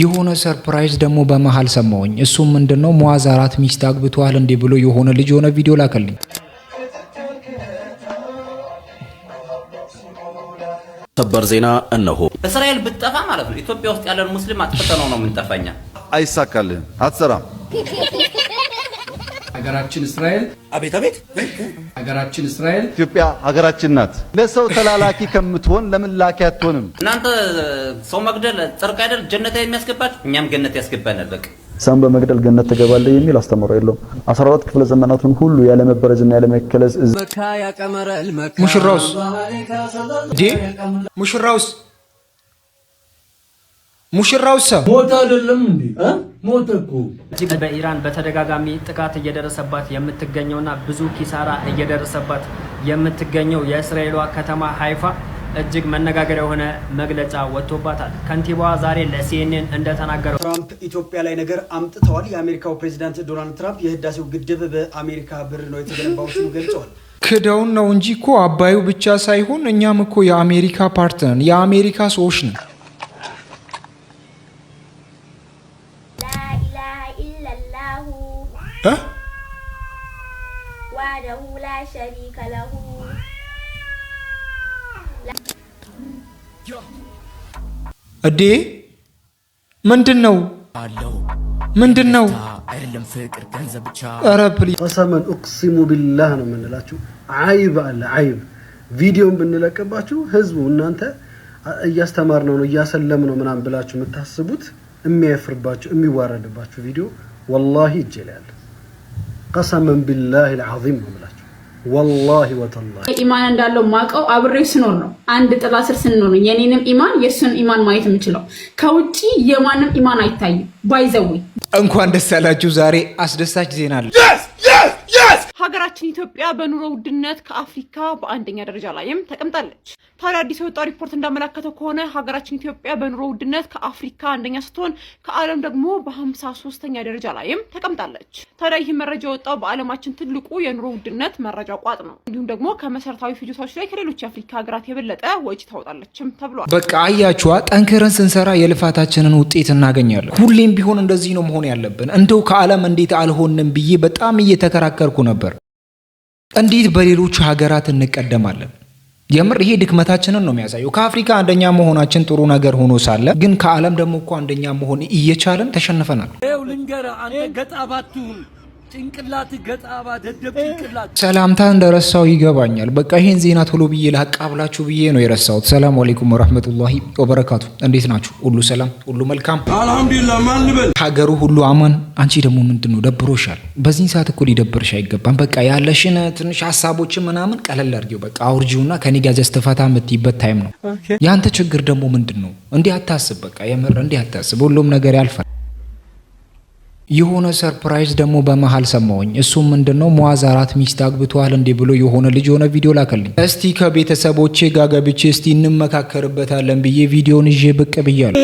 የሆነ ሰርፕራይዝ ደግሞ በመሀል ሰማውኝ እሱም ምንድነው ሙአዝ አራት ሚስት አግብተዋል እንዴ ብሎ የሆነ ልጅ የሆነ ቪዲዮ ላከልኝ። ሰበር ዜና እነሆ። እስራኤል ብትጠፋ ማለት ነው ኢትዮጵያ ውስጥ ያለን ሙስሊም አጥፍተነው ነው የምንጠፋኛ። አይሳካልህም፣ አትሰራም ሀገራችን እስራኤል አቤት አቤት ሀገራችን እስራኤል ኢትዮጵያ ሀገራችን ናት። ለሰው ተላላኪ ከምትሆን ለምን ላኪ አትሆንም? እናንተ ሰው መግደል ጽርቅ አይደል? ጀነት የሚያስገባችሁ እኛም ገነት ያስገባናል። በቃ ሰውን በመግደል ገነት ትገባለህ የሚል አስተምሮ የለውም። 14 ክፍለ ዘመናቱን ሁሉ ያለመበረዝና ያለመከለስ ሙሽራውስ ሙሽራውስ ሙሽራው ሰው ሞት አይደለም እንዴ? ሞት እኮ እጅግ በኢራን በተደጋጋሚ ጥቃት እየደረሰባት የምትገኘውና ብዙ ኪሳራ እየደረሰባት የምትገኘው የእስራኤሏ ከተማ ሀይፋ እጅግ መነጋገር የሆነ መግለጫ ወጥቶባታል። ከንቲባዋ ዛሬ ለሲኤንኤን እንደተናገረው ትራምፕ ኢትዮጵያ ላይ ነገር አምጥተዋል። የአሜሪካው ፕሬዚዳንት ዶናልድ ትራምፕ የህዳሴው ግድብ በአሜሪካ ብር ነው የተገነባው ሲሉ ገልጸዋል። ክደውን ነው እንጂ እኮ አባዩ ብቻ ሳይሆን እኛም እኮ የአሜሪካ ፓርት የአሜሪካ ሰዎች ነን። وحده لا شريك له እዴ ምንድን ነው ምንድን ነው? አይደለም ፍቅር ገንዘብ ብቻ። ቀሰመን ኡቅሲሙ ቢላህ ነው የምንላችሁ። አይብ አለ አይብ። ቪዲዮን ብንለቅባችሁ ህዝቡ እናንተ እያስተማርነው ነው እያሰለም ነው ምናምን ብላችሁ የምታስቡት የሚያፍርባችሁ የሚዋረድባችሁ ቪዲዮ ወላሂ ይጀላል። ቀሰመን ቢላሂ ልዓዚም ነው የምላቸው። ወላሂ ወተላሂ ኢማን እንዳለው ማቀው አብሬው ስኖር ነው። አንድ ጥላ ስር ስንኖር ነው የኔንም ኢማን የእሱን ኢማን ማየት የምችለው። ከውጭ የማንም ኢማን አይታይም። ባይዘዊ እንኳን ደስ ያላችሁ። ዛሬ አስደሳች ዜና አለ። ሀገራችን ኢትዮጵያ በኑሮ ውድነት ከአፍሪካ በአንደኛ ደረጃ ላይም ተቀምጣለች። ታዲያ አዲስ የወጣው ሪፖርት እንዳመላከተው ከሆነ ሀገራችን ኢትዮጵያ በኑሮ ውድነት ከአፍሪካ አንደኛ ስትሆን ከዓለም ደግሞ በሀምሳ ሶስተኛ ደረጃ ላይም ተቀምጣለች። ታዲያ ይህ መረጃ የወጣው በዓለማችን ትልቁ የኑሮ ውድነት መረጃ ቋጥ ነው። እንዲሁም ደግሞ ከመሰረታዊ ፍጆታዎች ላይ ከሌሎች የአፍሪካ ሀገራት የበለጠ ወጪ ታወጣለችም ተብሏል። በቃ አያችዋ፣ ጠንክረን ስንሰራ የልፋታችንን ውጤት እናገኛለን። ሁሌም ቢሆን እንደዚህ ነው መሆን ያለብን። እንደው ከዓለም እንዴት አልሆንም ብዬ በጣም እየተከራከርኩ ነበር እንዴት በሌሎች ሀገራት እንቀደማለን? የምር ይሄ ድክመታችንን ነው የሚያሳየው። ከአፍሪካ አንደኛ መሆናችን ጥሩ ነገር ሆኖ ሳለ ግን ከዓለም ደግሞ እኮ አንደኛ መሆን እየቻለን ተሸንፈናል። ይኸው ልንገርህ አንተ ገጣ ጭንቅላት ገጣባ ደደብ ጭንቅላት ሰላምታ እንደረሳው ይገባኛል። በቃ ይህን ዜና ቶሎ ብዬ ላቃብላችሁ ብዬ ነው የረሳሁት። ሰላም አለይኩም ወራህመቱላሂ ወበረካቱ። እንዴት ናችሁ? ሁሉ ሰላም፣ ሁሉ መልካም፣ አልሐምዱሊላህ። ማን ልበል? ሀገሩ ሁሉ አማን። አንቺ ደግሞ ምንድን ነው ደብሮሻል? በዚህን ሰዓት እኮ ሊደብርሽ አይገባም። በቃ ያለሽን ትንሽ ሀሳቦችን ምናምን ቀለል አድርጊው። በቃ አውርጂውና ከኔ ጋር ጀስት የምትይበት ታይም ነው። ያንተ ችግር ደግሞ ምንድን ነው? እንዲህ አታስብ። በቃ የምር እንዲህ አታስብ። ሁሉም ነገር ያልፋል። የሆነ ሰርፕራይዝ ደግሞ በመሃል ሰማውኝ እሱም ምንድነው ሙአዝ አራት ሚስት አግብተዋል እንዴ ብሎ የሆነ ልጅ የሆነ ቪዲዮ ላከልኝ። እስቲ ከቤተሰቦቼ ጋር ገብቼ እስቲ እንመካከርበታለን ብዬ ቪዲዮን ይዤ ብቅ ብያለሁ።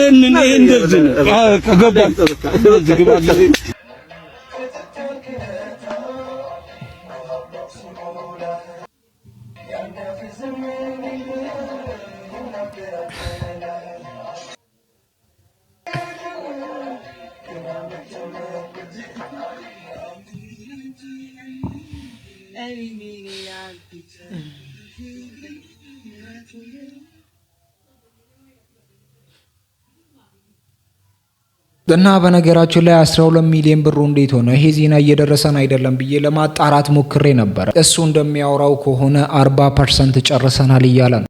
እና በነገራችን ላይ 12 ሚሊዮን ብሩ እንዴት ሆነ? ይሄ ዜና እየደረሰን አይደለም ብዬ ለማጣራት ሞክሬ ነበር። እሱ እንደሚያወራው ከሆነ 40 ፐርሰንት ጨርሰናል እያለ ነው።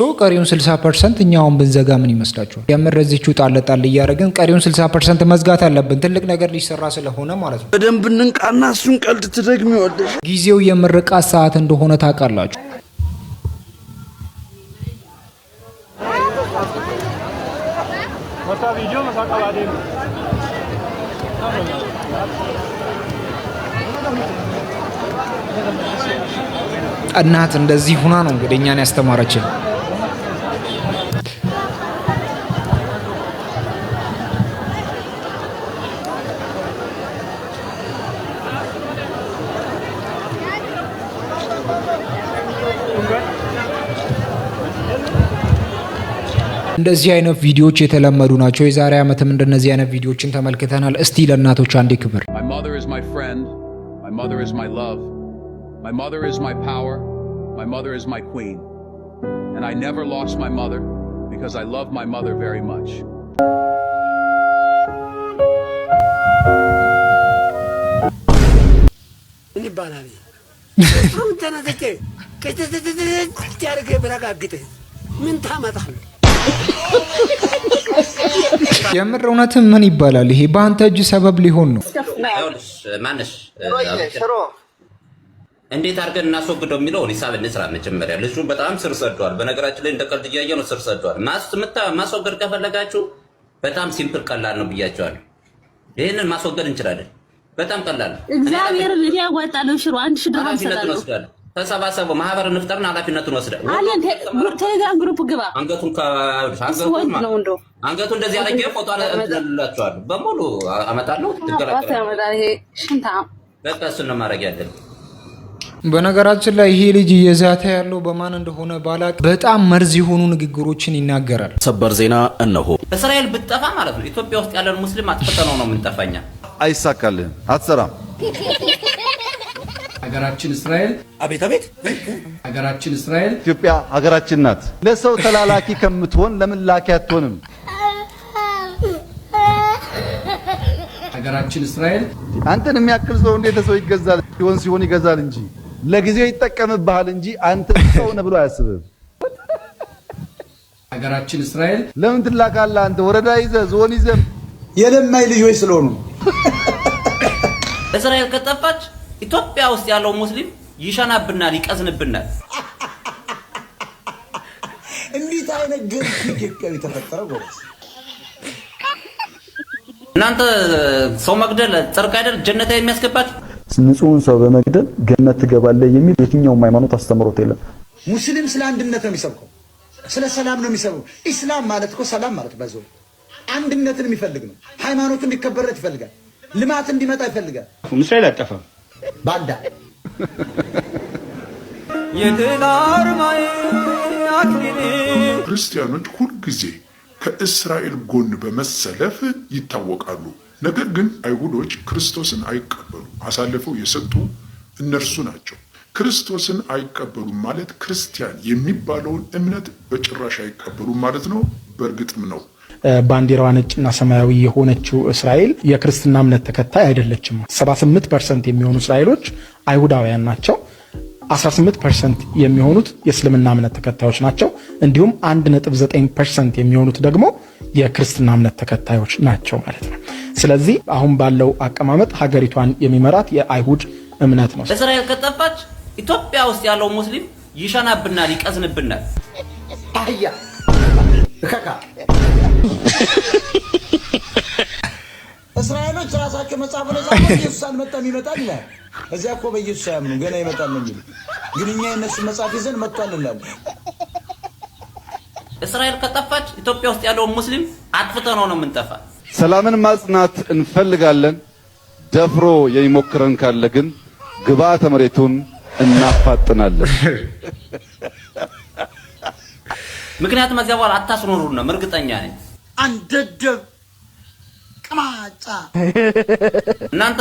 ሶ ቀሪውን 60 ፐርሰንት እኛውን ብንዘጋ ምን ይመስላችኋል? የምር እዚችሁ ጣል እያደረግን ቀሪውን 60 ፐርሰንት መዝጋት አለብን። ትልቅ ነገር ሊሰራ ስለሆነ ማለት ነው። በደንብ እንንቃና እሱን ቀልድ ትደግሚ ይወደሽ። ጊዜው የምርቃት ሰዓት እንደሆነ ታውቃላችሁ። እናት እንደዚህ ሁና ነው እንግዲህ እኛን ያስተማረችን። እንደዚህ አይነት ቪዲዮዎች የተለመዱ ናቸው። የዛሬ ዓመትም እንደነዚህ አይነት ቪዲዮዎችን ተመልክተናል። እስቲ ለእናቶች አንዴ ክብር ይባላል ምንተነዘ ከስተተተተት ምን ታመጣለህ? የምር እውነትም ምን ይባላል ይሄ? በአንተ እጅ ሰበብ ሊሆን ነው። ማነሽ እንዴት አድርገን እናስወግደው የሚለው ሂሳብ እንስራ። መጀመሪያ ልጁ በጣም ስር ሰዷል። በነገራችን ላይ እንደቀልድ እያየ ነው፣ ስር ሰዷል። ማስወገድ ከፈለጋችሁ በጣም ሲምፕል ቀላል ነው ብያቸዋለሁ። ይህንን ማስወገድ እንችላለን። በጣም ቀላል እግዚአብሔር ያዋጣለው ሽሮ አንድ ሺህ ዶላር ተሰባሰቡ ማህበር እንፍጠርን ኃላፊነቱን ወስደ ቴሌግራም ግሩፕ ግባ። አንገቱን አንገቱ እንደዚህ ያለ ፎቶ አላላችኋለሁ በሙሉ አመጣለሁ። በቃ እሱን ነው ማድረግ ያለን። በነገራችን ላይ ይሄ ልጅ እየዛተ ያለው በማን እንደሆነ ባላቅ በጣም መርዝ የሆኑ ንግግሮችን ይናገራል። ሰበር ዜና እነሆ። እስራኤል ብትጠፋ ማለት ነው ኢትዮጵያ ውስጥ ያለን ሙስሊም አጥፍተነው ነው የምንጠፋኛ። አይሳካልን አትሰራም ሀገራችን እስራኤል አቤት አቤት ሀገራችን እስራኤል ኢትዮጵያ ሀገራችን ናት። ለሰው ተላላኪ ከምትሆን ለምን ላኪ አትሆንም? ሀገራችን እስራኤል አንተን የሚያክል ሰው እንዴት ሰው ይገዛል? ሲሆን ሲሆን ይገዛል እንጂ ለጊዜው ይጠቀምብሃል እንጂ አንተ ሰው ነህ ብሎ አያስብም። ሀገራችን እስራኤል ለምን ትላካለህ? አንተ ወረዳ ይዘህ ዞን ይዘህ የለማይ ልጆች ስለሆኑ እስራኤል ከጠፋች ኢትዮጵያ ውስጥ ያለው ሙስሊም ይሸናብናል፣ ይቀዝንብናል። እንዴት አይነት ግን ኢትዮጵያ ተፈጠረ? ጎበዝ እናንተ ሰው መግደል ጽርቅ አይደል? ጀነት የሚያስገባት ንጹህን ሰው በመግደል ገነት ትገባለህ የሚል የትኛውም ሃይማኖት አስተምሮት የለም። ሙስሊም ስለ አንድነት ነው የሚሰብከው፣ ስለ ሰላም ነው የሚሰብከው። ኢስላም ማለት እኮ ሰላም ማለት በዞ አንድነትን የሚፈልግ ነው። ሃይማኖቱ እንዲከበርለት ይፈልጋል፣ ልማት እንዲመጣ ይፈልጋል። እስራኤል አጠፋም ባንዳ ክርስቲያኖች ሁልጊዜ ከእስራኤል ጎን በመሰለፍ ይታወቃሉ። ነገር ግን አይሁዶች ክርስቶስን አይቀበሉ አሳልፈው የሰጡ እነርሱ ናቸው። ክርስቶስን አይቀበሉም ማለት ክርስቲያን የሚባለውን እምነት በጭራሽ አይቀበሉም ማለት ነው። በእርግጥም ነው። ባንዲራዋ ነጭና ሰማያዊ የሆነችው እስራኤል የክርስትና እምነት ተከታይ አይደለችም። 78 ፐርሰንት የሚሆኑ እስራኤሎች አይሁዳውያን ናቸው። 18 ፐርሰንት የሚሆኑት የእስልምና እምነት ተከታዮች ናቸው። እንዲሁም 1.9 ፐርሰንት የሚሆኑት ደግሞ የክርስትና እምነት ተከታዮች ናቸው ማለት ነው። ስለዚህ አሁን ባለው አቀማመጥ ሀገሪቷን የሚመራት የአይሁድ እምነት ነው። እስራኤል ከጠፋች ኢትዮጵያ ውስጥ ያለው ሙስሊም ይሸናብናል፣ ይቀዝንብናል። እስራኤሎች ራሳቸው መጽሐፍ ላይ ኢየሱስ አልመጣም ይመጣል ይላል። እዚያ እኮ በኢየሱስ አያምኑ ገና ይመጣል ነው የሚሉ፣ ግን እኛ መጽሐፍ ይዘን መጥቷል እንላለን። እስራኤል ከጠፋች ኢትዮጵያ ውስጥ ያለውን ሙስሊም አጥፍተ ነው ነው የምንጠፋ። ሰላምን ማጽናት እንፈልጋለን። ደፍሮ የሚሞክረን ካለ ግን ግብዓተ መሬቱን እናፋጥናለን። ምክንያቱም እዚያ በኋላ አታስኖሩን ነው እርግጠኛ ነኝ። አንደደብ ቅማጫ እናንተ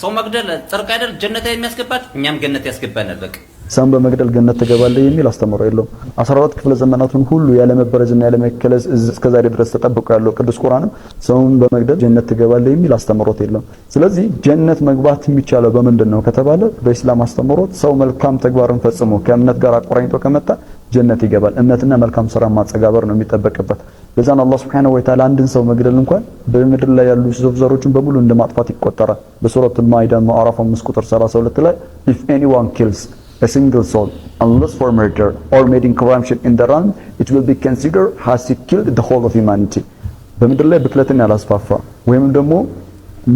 ሰው መግደል ጽርቅ አይደል ጀነት የሚያስገባችሁ? እኛም ገነት ያስገባናል። በቃ ሰውን በመግደል ገነት ትገባለህ የሚል አስተምሮ የለውም። 14 ክፍለ ዘመናቱን ሁሉ ያለመበረዝና ያለመከለስ እስከዛሬ ድረስ ተጠብቆ ያለው ቅዱስ ቁርአንም ሰውን በመግደል ጀነት ትገባለህ የሚል አስተምሮት የለውም። ስለዚህ ጀነት መግባት የሚቻለው በምንድን ነው ከተባለ በኢስላም አስተምሮት ሰው መልካም ተግባርን ፈጽሞ ከእምነት ጋር አቆራኝቶ ከመጣ ጀነት ይገባል። እምነትና መልካም ስራ ማጸጋበር ነው የሚጠበቅበት። ለዛን አላህ Subhanahu Wa Ta'ala አንድን ሰው መግደል እንኳን በምድር ላይ ያሉ ዘሮችን በሙሉ እንደማጥፋት ማጥፋት ይቆጠራል። በሱረት ማይዳ ማዕራፍ 5 ቁጥር 32 ላይ if anyone kills a single soul unless for murder or made in corruption in the wrong it will be considered has he killed the whole of humanity በምድር ላይ ብክለትን ያላስፋፋ ወይም ደግሞ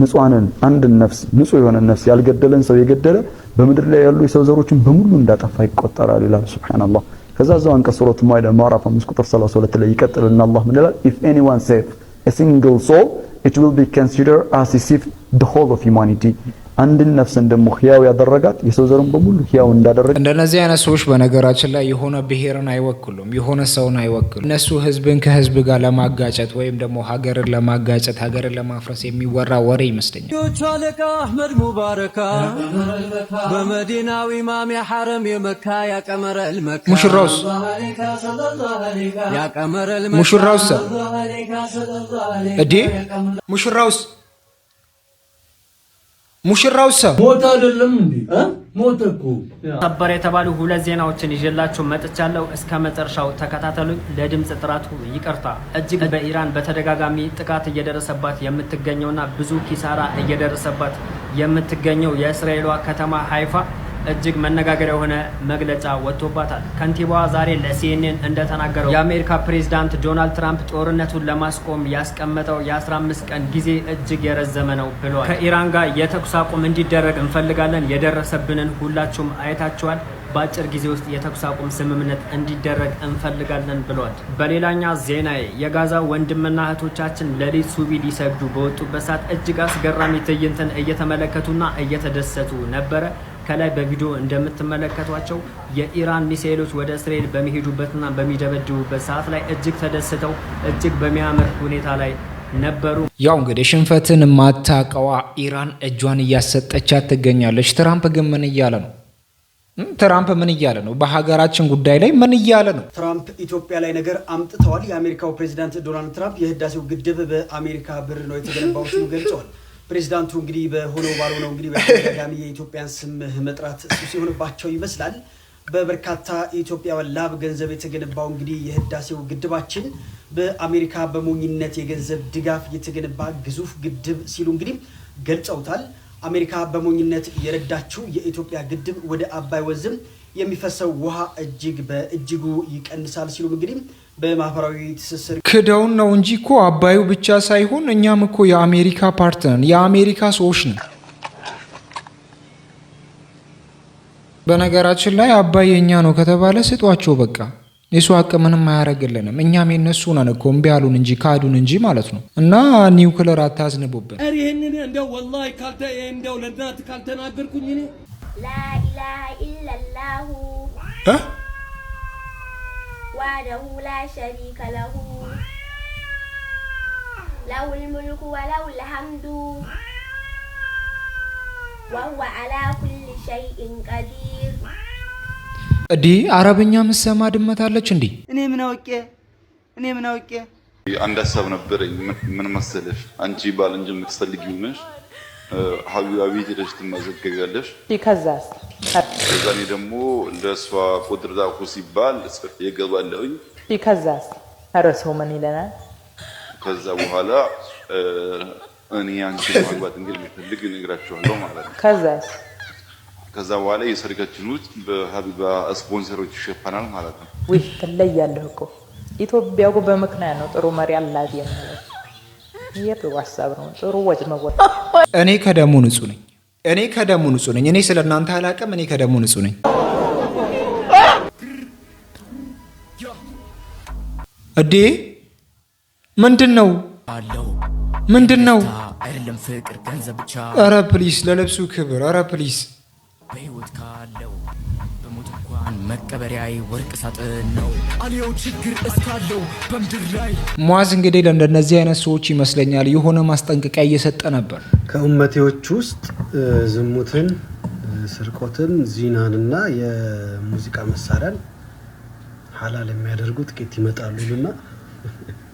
ንጹሃንን አንድን ነፍስ ንጹህ የሆነ ነፍስ ያልገደለን ሰው የገደለ በምድር ላይ ያሉ የሰው ዘሮችን በሙሉ እንዳጠፋ ይቆጠራል ይላል። ሱብሃንአላህ ከዛ እዛው አንቀጽ ሱረቱ ማኢዳ ምዕራፍ 5 ቁጥር 32 ላይ ይቀጥልና አላህ ምን ይላል? if anyone save a single soul it will be considered as if the whole of humanity አንድን ነፍስን ደግሞ ህያው ያደረጋት የሰው ዘርም በሙሉ ህያው እንዳደረገ። እንደነዚህ አይነት ሰዎች በነገራችን ላይ የሆነ ብሔርን አይወክሉም፣ የሆነ ሰውን አይወክሉም። እነሱ ህዝብን ከህዝብ ጋር ለማጋጨት ወይም ደግሞ ሀገርን ለማጋጨት ሀገርን ለማፍረስ የሚወራ ወሬ ይመስለኛል። አለቃ አህመድ ሙባረካ በመዲናዊ ማሚ ሐረም የመካ ያቀመረል መካ ሙሽራውስ ያቀመረል ሙሽራውስ እዲ ሙሽራውስ ሙሽራው ሰው ሞት አይደለም እንዴ? ሞት እኮ ሰበር የተባሉ ሁለት ዜናዎችን ይዤላችሁ መጥቻለሁ። እስከ መጨረሻው ተከታተሉ። ለድምፅ ጥራቱ ይቅርታ። እጅግ በኢራን በተደጋጋሚ ጥቃት እየደረሰባት የምትገኘውና ብዙ ኪሳራ እየደረሰባት የምትገኘው የእስራኤሏ ከተማ ሀይፋ እጅግ መነጋገሪያ የሆነ መግለጫ ወጥቶባታል። ከንቲባዋ ዛሬ ለሲኤንኤን እንደተናገረው የአሜሪካ ፕሬዚዳንት ዶናልድ ትራምፕ ጦርነቱን ለማስቆም ያስቀመጠው የ15 ቀን ጊዜ እጅግ የረዘመ ነው ብለዋል። ከኢራን ጋር የተኩስ አቁም እንዲደረግ እንፈልጋለን። የደረሰብንን ሁላችሁም አይታችኋል። በአጭር ጊዜ ውስጥ የተኩስ አቁም ስምምነት እንዲደረግ እንፈልጋለን ብሏል። በሌላኛ ዜናዬ የጋዛ ወንድምና እህቶቻችን ለሌት ሱቢ ሊሰግዱ በወጡበት ሰዓት እጅግ አስገራሚ ትዕይንትን እየተመለከቱና እየተደሰቱ ነበረ። ከላይ በቪዲዮ እንደምትመለከቷቸው የኢራን ሚሳኤሎች ወደ እስራኤል በሚሄዱበትና በሚደበድቡበት ሰዓት ላይ እጅግ ተደስተው እጅግ በሚያምር ሁኔታ ላይ ነበሩ። ያው እንግዲህ ሽንፈትን ማታቀዋ ኢራን እጇን እያሰጠቻት ትገኛለች። ትራምፕ ግን ምን እያለ ነው? ትራምፕ ምን እያለ ነው? በሀገራችን ጉዳይ ላይ ምን እያለ ነው? ትራምፕ ኢትዮጵያ ላይ ነገር አምጥተዋል። የአሜሪካው ፕሬዚዳንት ዶናልድ ትራምፕ የህዳሴው ግድብ በአሜሪካ ብር ነው የተገነባው ሲሉ ገልጸዋል። ፕሬዚዳንቱ እንግዲህ በሆነው ባልሆነው እንግዲህ በተደጋጋሚ የኢትዮጵያን ስም መጥራት ሲሆንባቸው ይመስላል። በበርካታ የኢትዮጵያውያን ላብ ገንዘብ የተገነባው እንግዲህ የህዳሴው ግድባችን በአሜሪካ በሞኝነት የገንዘብ ድጋፍ የተገነባ ግዙፍ ግድብ ሲሉ እንግዲህ ገልጸውታል። አሜሪካ በሞኝነት የረዳችው የኢትዮጵያ ግድብ ወደ አባይ ወንዝም የሚፈሰው ውሃ እጅግ በእጅጉ ይቀንሳል ሲሉም እንግዲህ በማህበራዊ ትስስር ክደውን ነው እንጂ እኮ አባዩ ብቻ ሳይሆን እኛም እኮ የአሜሪካ ፓርት የአሜሪካ ሰዎች ነን። በነገራችን ላይ አባይ የእኛ ነው ከተባለ ስጧቸው በቃ። የሱ አቅ ምንም አያደርግልንም። እኛም የነሱ ነን እኮ እምቢ አሉን እንጂ ካዱን እንጂ ማለት ነው። እና ኒውክለር አታዝንቡብን። ይህንን እንደው ወላሂ ካልተ እንደው ለእናትህ ካልተናገርኩኝ እኔ ላኢላሃ ኢለላሁ وحده لا شريك له له الملك وله الحمد وهو على كل شيء قدير እዲ አረብኛ ምሰማ ድመት አለች እንዲ እኔ ምን አውቄ እኔ ምን አውቄ አንድ ሀሳብ ነበረኝ። ምን መሰለሽ አንቺ ባል እንጂ የምትፈልጊው ነሽ ሀቢብ አቤት ሄደሽ ትመዘገቢያለሽ። ከዛስ ከዛ እኔ ደግሞ እንደ እሷ ቁጥር ዛኩ ሲባል ጽፌ እገባለሁኝ። ከዛስ ረሰው ምን ይለናል? ከዛ በኋላ እኔ አንቺን ማግባት እንደሚፈልግ እነግራችኋለሁ ማለት ነው። ከዛስ ከዛ በኋላ የሰርጋችን ውጭ በሀቢባ ስፖንሰሮች ይሸፈናል ማለት ነው። ውይ ትለያለህ እኮ ኢትዮጵያ እኮ በምክንያት ነው ጥሩ መሪ አላት የምለው። ይህ ሀሳብ ነው። ጥሩ ወጭ መወጣ እኔ ከደሙ ንጹህ ነኝ። እኔ ከደሙ ንጹህ ነኝ። እኔ ስለ እናንተ አላቅም። እኔ ከደሙ ንጹህ ነኝ። እዴ ምንድን ነው ምንድን ነው? ኧረ ፕሊስ፣ ለልብሱ ክብር ኧረ ፕሊስ መቀበሪያዬ ወርቅ ሳጥን ነው አልየው ችግር እስካለው በምድር ላይ ሟዝ እንግዲህ ለእንደነዚህ አይነት ሰዎች ይመስለኛል የሆነ ማስጠንቀቂያ እየሰጠ ነበር። ከእመቴዎች ውስጥ ዝሙትን፣ ስርቆትን፣ ዚናንና የሙዚቃ መሳሪያን ሀላል የሚያደርጉ ጥቂት ይመጣሉና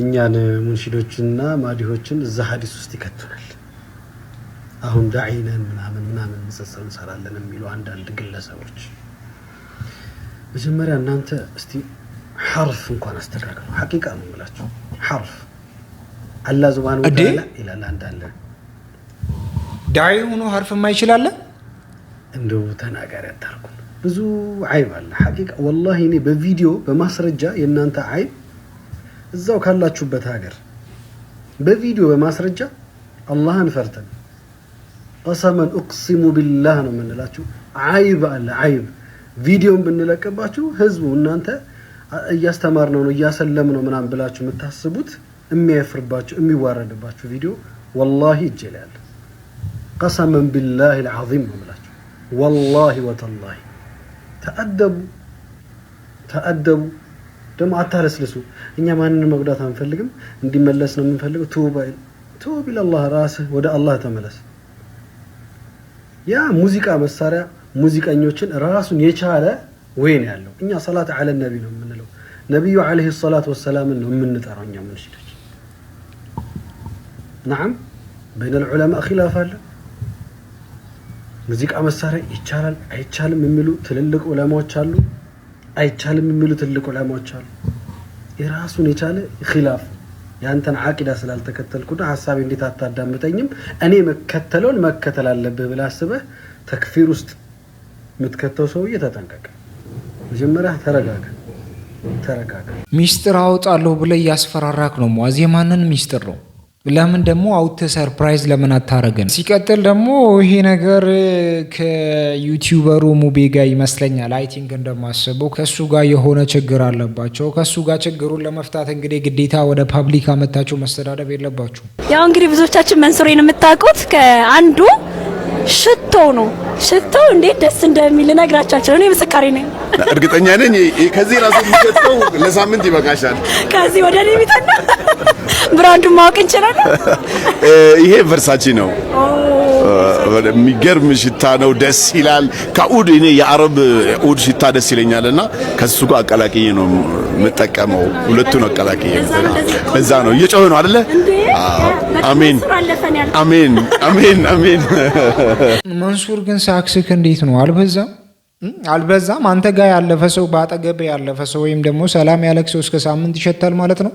እኛን ሙንሽዶችንና ማዲሆችን እዛ ሀዲስ ውስጥ ይከቱናል። አሁን ዳይነን ምናምን ምናምን ምጽጽር እንሰራለን የሚሉ አንዳንድ ግለሰቦች መጀመሪያ እናንተ እስቲ ሐርፍ እንኳን አስተካክሉ። ሐቂቃ ነው የምላቸው ሐርፍ አላ ዙባን ይላል አንዳለ ዳዒ ሆኖ ሐርፍ የማይችላለ እንደው ተናጋሪ አታርጉ። ብዙ አይብ አለ ሐቂቃ ወላሂ እኔ በቪዲዮ በማስረጃ የእናንተ አይብ እዛው ካላችሁበት ሀገር በቪዲዮ በማስረጃ አላህን ፈርተን ቀሰመን እቅሲሙ ቢላህ ነው የምንላችሁ። አይብ አለ አይብ። ቪዲዮን ብንለቅባችሁ ህዝቡ እናንተ እያስተማርነው ነው እያሰለም ነው ምናምን ብላችሁ የምታስቡት የሚያፍርባችሁ የሚዋረድባችሁ ቪዲዮ ወላሂ እጄ ቀሰመን ቢላህ ልዓዚም ነው የምላችሁ። ወላሂ ወተላሂ ተአደቡ ተአደቡ። ደግሞ አታለስልሱ። እኛ ማንን መጉዳት አንፈልግም፣ እንዲመለስ ነው የምንፈልገው። ቱብ ቱብ ኢለላህ፣ ራስህ ወደ አላህ ተመለስ። ያ ሙዚቃ መሳሪያ ሙዚቀኞችን ራሱን የቻለ ወይ ነው ያለው። እኛ ሰላት አለ ነቢ ነው የምንለው። ነቢዩ አለይሂ ሰላት ወሰላምን ነው የምንጠራው እኛ ሙንሽዶች። ናዓም በይነል ዑለማ ኺላፍ አለ። ሙዚቃ መሳሪያ ይቻላል አይቻልም የሚሉ ትልልቅ ዑለማዎች አሉ፣ አይቻልም የሚሉ ትልልቅ ዑለማዎች አሉ። የራሱን የቻለ ኺላፍ የአንተን አቂዳ ስላልተከተልኩና ሀሳቢ እንዴት አታዳምጠኝም? እኔ መከተለውን መከተል አለብህ ብለህ አስበህ ተክፊር ውስጥ የምትከተው ሰውዬ ተጠንቀቀ። መጀመሪያ ተረጋጋ ተረጋጋ። ሚስጥር አወጣለሁ ብለህ እያስፈራራክ ነው። ሙአዝ የማንን ሚስጥር ነው? ለምን ደግሞ አውት ሰርፕራይዝ ለምን አታረግን? ሲቀጥል ደግሞ ይሄ ነገር ከዩቲዩበሩ ሙቤ ጋር ይመስለኛል። አይ ቲንክ እንደማስበው ከሱ ጋር የሆነ ችግር አለባቸው። ከሱ ጋር ችግሩን ለመፍታት እንግዲህ ግዴታ ወደ ፐብሊክ አመታቸው መስተዳደብ የለባችሁ። ያው እንግዲህ ብዙዎቻችን መንሱሬን የምታውቁት ከአንዱ ሽቶ ነው። ሽቶ እንዴት ደስ እንደሚል ነግራቻቸው። እኔ ምስካሪ ነኝ፣ እርግጠኛ ነኝ። ከዚህ ራሱ የሚሸጠው ለሳምንት ይበቃሻል። ከዚህ ወደ እኔ ብራንዱን ማወቅ እንችላለን። ይሄ ቨርሳቺ ነው። የሚገርም ሽታ ነው። ደስ ይላል። ከኡድ እኔ የአረብ ኡድ ሽታ ደስ ይለኛል እና ከሱ ጋር አቀላቅዬ ነው የምጠቀመው። ሁለቱን አቀላቅዬ እዛ ነው እየጮኸ ነው አይደለ? አሜን አሜን አሜን አሜን። መንሱር ግን ሳክስክ እንዴት ነው አልበዛም? አልበዛም? አንተ ጋር ያለፈ ሰው በአጠገብ ያለፈ ሰው ወይም ደግሞ ሰላም ያለክ ሰው እስከ ሳምንት ይሸታል ማለት ነው።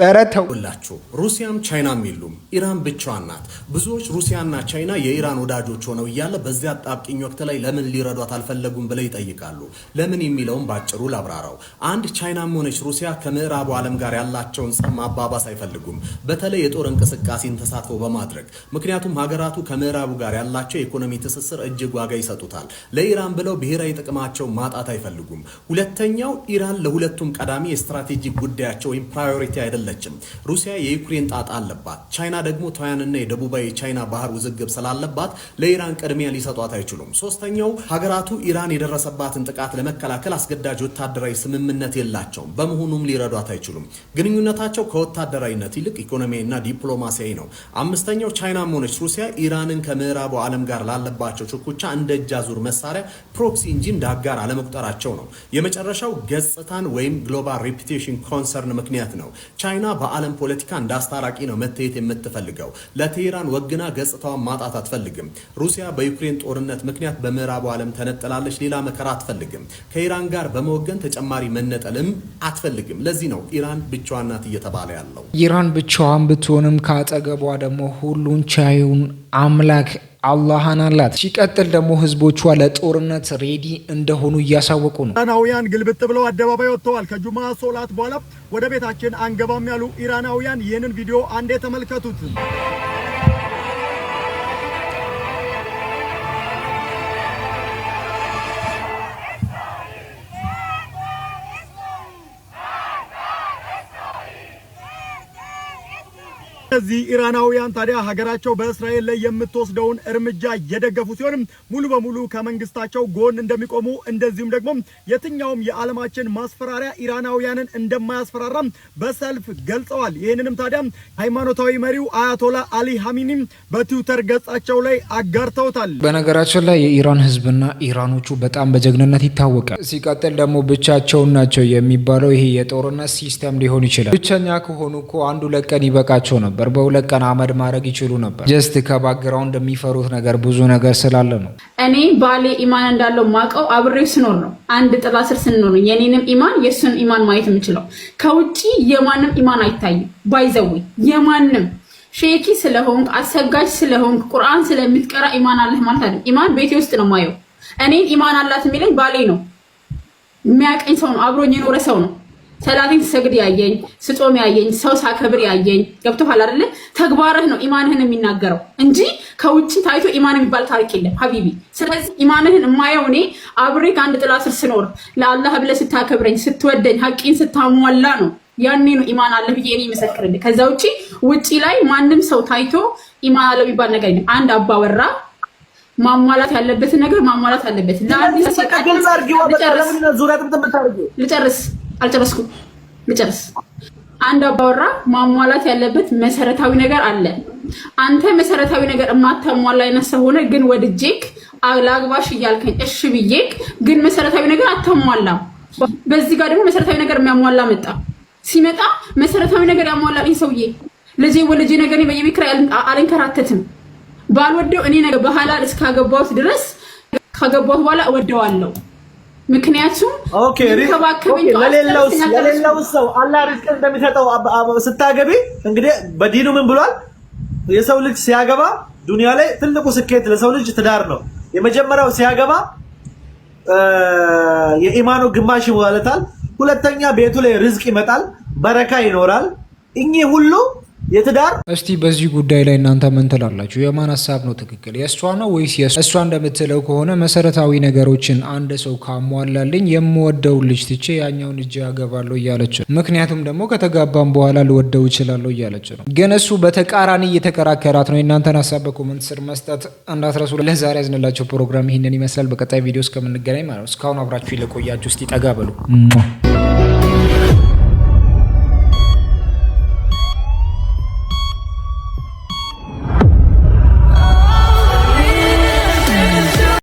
በረተውላችሁ ሩሲያም ቻይናም የሉም፣ ኢራን ብቻዋን ናት። ብዙዎች ሩሲያና ቻይና የኢራን ወዳጆች ሆነው እያለ በዚያ አጣብቂኝ ወቅት ላይ ለምን ሊረዷት አልፈለጉም ብለው ይጠይቃሉ። ለምን የሚለውም ባጭሩ ላብራራው። አንድ ቻይናም ሆነች ሩሲያ ከምዕራቡ ዓለም ጋር ያላቸውን ጸብ ማባባስ አይፈልጉም፣ በተለይ የጦር እንቅስቃሴን ተሳትፎ በማድረግ ምክንያቱም ሀገራቱ ከምዕራቡ ጋር ያላቸው የኢኮኖሚ ትስስር እጅግ ዋጋ ይሰጡታል። ለኢራን ብለው ብሔራዊ ጥቅማቸው ማጣት አይፈልጉም። ሁለተኛው ኢራን ለሁለቱም ቀዳሚ የስትራቴጂክ ጉዳያቸው ወይም ፕራዮሪቲ አይደለም አይደለችም። ሩሲያ የዩክሬን ጣጣ አለባት። ቻይና ደግሞ ታይዋንና የደቡባዊ የቻይና ባህር ውዝግብ ስላለባት ለኢራን ቅድሚያ ሊሰጧት አይችሉም። ሶስተኛው ሀገራቱ ኢራን የደረሰባትን ጥቃት ለመከላከል አስገዳጅ ወታደራዊ ስምምነት የላቸውም። በመሆኑም ሊረዷት አይችሉም። ግንኙነታቸው ከወታደራዊነት ይልቅ ኢኮኖሚያዊና ዲፕሎማሲያዊ ነው። አምስተኛው ቻይናም ሆነች ሩሲያ ኢራንን ከምዕራቡ ዓለም ጋር ላለባቸው ችኩቻ እንደ እጅ አዙር መሳሪያ ፕሮክሲ እንጂ እንደ አጋር አለመቁጠራቸው ነው። የመጨረሻው ገጽታን ወይም ግሎባል ሬፒቴሽን ኮንሰርን ምክንያት ነው። ቻይና በዓለም ፖለቲካ እንደ አስታራቂ ነው መታየት የምትፈልገው። ለቴህራን ወግና ገጽታዋን ማጣት አትፈልግም። ሩሲያ በዩክሬን ጦርነት ምክንያት በምዕራቡ ዓለም ተነጥላለች። ሌላ መከራ አትፈልግም። ከኢራን ጋር በመወገን ተጨማሪ መነጠልም አትፈልግም። ለዚህ ነው ኢራን ብቻዋን ናት እየተባለ ያለው። ኢራን ብቻዋን ብትሆንም ከአጠገቧ ደግሞ ሁሉን ቻዩን አምላክ አላህን አላት። ሲቀጥል ደግሞ ህዝቦቿ ለጦርነት ሬዲ እንደሆኑ እያሳወቁ ነው። ኢራናውያን ግልብጥ ብለው አደባባይ ወጥተዋል። ከጁማ ሶላት በኋላ ወደ ቤታችን አንገባም ያሉ ኢራናውያን ይህንን ቪዲዮ አንዴ ተመልከቱት። እነዚህ ኢራናውያን ታዲያ ሀገራቸው በእስራኤል ላይ የምትወስደውን እርምጃ እየደገፉ ሲሆንም ሙሉ በሙሉ ከመንግስታቸው ጎን እንደሚቆሙ እንደዚሁም ደግሞ የትኛውም የዓለማችን ማስፈራሪያ ኢራናውያንን እንደማያስፈራራም በሰልፍ ገልጸዋል። ይህንንም ታዲያ ሃይማኖታዊ መሪው አያቶላ አሊ ሀሚኒም በትዊተር ገጻቸው ላይ አጋርተውታል። በነገራችን ላይ የኢራን ህዝብና ኢራኖቹ በጣም በጀግንነት ይታወቃል። ሲቀጥል ደግሞ ብቻቸውን ናቸው የሚባለው ይሄ የጦርነት ሲስተም ሊሆን ይችላል። ብቸኛ ከሆኑ እኮ አንዱ ለቀን ይበቃቸው ነበር። ነበር። በሁለት ቀን አመድ ማድረግ ይችሉ ነበር። ጀስት ከባክግራውንድ የሚፈሩት ነገር ብዙ ነገር ስላለ ነው። እኔ ባሌ ኢማን እንዳለው ማቀው አብሬው ስኖር ነው። አንድ ጥላ ስር ስንኖር የኔንም ኢማን የእሱን ኢማን ማየት የምችለው። ከውጭ የማንም ኢማን አይታይም። ባይዘዊ የማንም ሼኪ ስለሆንክ አሰጋጅ ስለሆንክ ቁርአን ስለምትቀራ ኢማን አለህ ማለት አይደለም። ኢማን ቤቴ ውስጥ ነው ማየው። እኔን ኢማን አላት የሚለኝ ባሌ ነው። የሚያቀኝ ሰው ነው። አብሮኝ የኖረ ሰው ነው። ሰላቴን ስሰግድ ያየኝ ስጾም ያየኝ ሰው ሳከብር ያየኝ ገብቶሃል አይደለ? ተግባርህ ነው ኢማንህን የሚናገረው እንጂ ከውጭ ታይቶ ኢማን የሚባል ታሪክ የለም ሀቢቢ። ስለዚህ ኢማንህን የማየው እኔ አብሬ ከአንድ ጥላ ስር ስኖር ለአላህ ብለህ ስታከብረኝ፣ ስትወደኝ፣ ሀቂን ስታሟላ ነው ያኔ ነው ኢማን አለ ብዬ እኔ ይመሰክርልኝ። ከዛ ውጭ ውጭ ላይ ማንም ሰው ታይቶ ኢማን አለ የሚባል ነገር የለም። አንድ አባወራ ማሟላት ያለበትን ነገር ማሟላት አለበት። ለአንድ ልጨርስ አልጨረስኩም። ልጨርስ። አንድ አባወራ ማሟላት ያለበት መሰረታዊ ነገር አለ። አንተ መሰረታዊ ነገር የማታሟላ አይነት ሰው ሆነ ግን ወድጄክ ለአግባሽ እያልከኝ እሺ ብዬክ ግን መሰረታዊ ነገር አታሟላም። በዚህ ጋር ደግሞ መሰረታዊ ነገር የሚያሟላ መጣ። ሲመጣ መሰረታዊ ነገር ያሟላኝ ሰውዬ ልጄ ወልጄ ነገር በየቤት ኪራይ አልንከራተትም። ባልወደው እኔ ነገር በኋላ እስካገባሁት ድረስ ካገባሁት በኋላ እወደዋለሁ። ምክንያቱም ለሌላው ሰው አላህ ርዝቅ እንደሚሰጠው ስታገቢ እንግዲህ በዲኑ ምን ብሏል? የሰው ልጅ ሲያገባ ዱንያ ላይ ትልቁ ስኬት ለሰው ልጅ ትዳር ነው። የመጀመሪያው ሲያገባ የኢማኑ ግማሽ ይሞላታል። ሁለተኛ ቤቱ ላይ ርዝቅ ይመጣል፣ በረካ ይኖራል። እኚህ ሁሉ የትዳር እስቲ በዚህ ጉዳይ ላይ እናንተ ምን ትላላችሁ? የማን ሀሳብ ነው ትክክል? የእሷ ነው ወይስ እሷ እንደምትለው ከሆነ መሰረታዊ ነገሮችን አንድ ሰው ካሟላልኝ የምወደው ልጅ ትቼ ያኛውን እጅ ያገባለሁ እያለች ነው። ምክንያቱም ደግሞ ከተጋባም በኋላ ልወደው ይችላለሁ እያለች ነው። ግን እሱ በተቃራኒ እየተከራከራት ነው። የእናንተን ሀሳብ በኮመንት ስር መስጠት እንዳትረሱ። ለዛሬ ያዝንላቸው ፕሮግራም ይህንን ይመስላል። በቀጣይ ቪዲዮ እስከምንገናኝ ማለት ነው። እስካሁን አብራችሁ ይለቆያችሁ። እስቲ ጠጋ በሉ።